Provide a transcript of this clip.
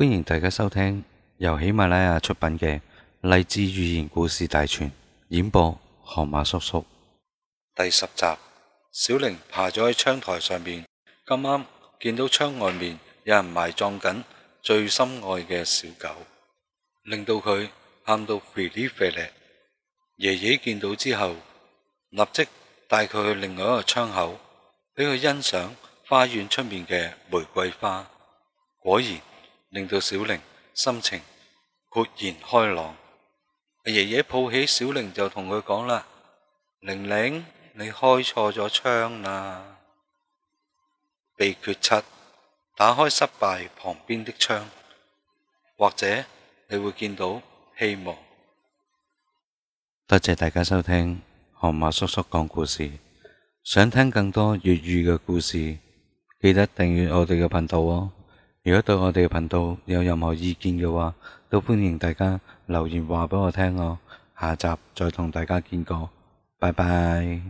歡迎大家收聽由喜馬拉雅出品嘅《勵志寓言故事大全》，演播河馬叔叔第十集。小玲爬咗喺窗台上面，咁啱見到窗外面有人埋葬緊最心愛嘅小狗，令到佢喊到肥呢肥呢。爺爺見到之後，立即帶佢去另外一個窗口，俾佢欣賞花園出面嘅玫瑰花。果然。令到小玲心情豁然開朗，爺爺抱起小玲就同佢講啦：玲玲，你開錯咗窗啦。秘訣七，打開失敗旁邊的窗，或者你會見到希望。多謝大家收聽河馬叔叔講故事，想聽更多粵語嘅故事，記得訂閱我哋嘅頻道哦。如果對我哋頻道有任何意見嘅話，都歡迎大家留言話畀我聽哦。下集再同大家見過，拜拜。